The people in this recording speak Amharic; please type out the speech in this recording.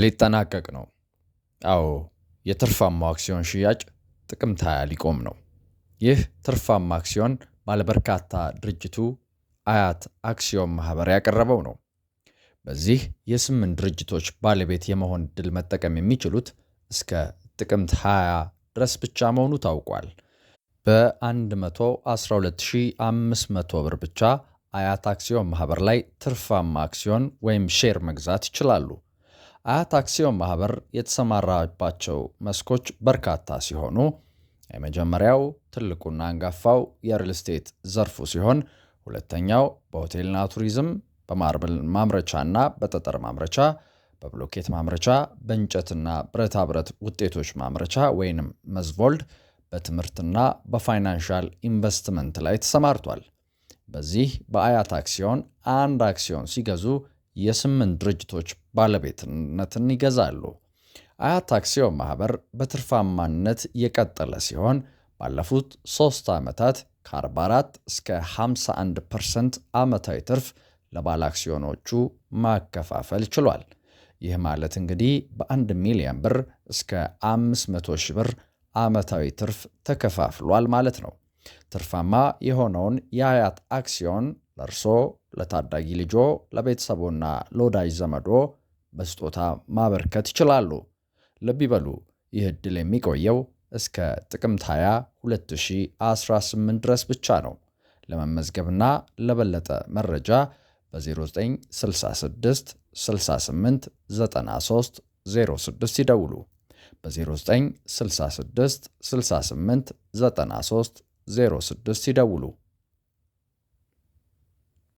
ሊጠናቀቅ ነው። አዎ፣ የትርፋማው አክሲዮን ሽያጭ ጥቅምት 20 ሊቆም ነው። ይህ ትርፋማ አክሲዮን ባለበርካታ ድርጅቱ አያት አክሲዮን ማህበር ያቀረበው ነው። በዚህ የስምንት ድርጅቶች ባለቤት የመሆን ዕድል መጠቀም የሚችሉት እስከ ጥቅምት 20 ድረስ ብቻ መሆኑ ታውቋል። በ112500 ብር ብቻ አያት አክሲዮን ማህበር ላይ ትርፋማ አክሲዮን ወይም ሼር መግዛት ይችላሉ። አያት አክሲዮን ማህበር የተሰማራባቸው መስኮች በርካታ ሲሆኑ የመጀመሪያው ትልቁና አንጋፋው የሪል ስቴት ዘርፉ ሲሆን ሁለተኛው በሆቴልና ቱሪዝም፣ በማርብል ማምረቻና በጠጠር ማምረቻ፣ በብሎኬት ማምረቻ፣ በእንጨትና ብረታ ብረት ውጤቶች ማምረቻ ወይንም መዝቮልድ፣ በትምህርትና በፋይናንሻል ኢንቨስትመንት ላይ ተሰማርቷል። በዚህ በአያት አክሲዮን አንድ አክሲዮን ሲገዙ የስምንት ድርጅቶች ባለቤትነትን ይገዛሉ። አያት አክሲዮን ማህበር በትርፋማነት የቀጠለ ሲሆን ባለፉት ሶስት ዓመታት ከ44 እስከ 51 ፐርሰንት ዓመታዊ ትርፍ ለባለ አክሲዮኖቹ ማከፋፈል ችሏል። ይህ ማለት እንግዲህ በ1 ሚሊዮን ብር እስከ 500 ሺህ ብር ዓመታዊ ትርፍ ተከፋፍሏል ማለት ነው። ትርፋማ የሆነውን የአያት አክሲዮን ለእርሶ፣ ለታዳጊ ልጆ፣ ለቤተሰቦና ለወዳጅ ዘመዶ በስጦታ ማበርከት ይችላሉ። ልብ ይበሉ፣ ይህ ዕድል የሚቆየው እስከ ጥቅምት 20 2018 ድረስ ብቻ ነው። ለመመዝገብና ለበለጠ መረጃ በ0966 68 93 06 ይደውሉ። በ0966 68 93 06 ይደውሉ።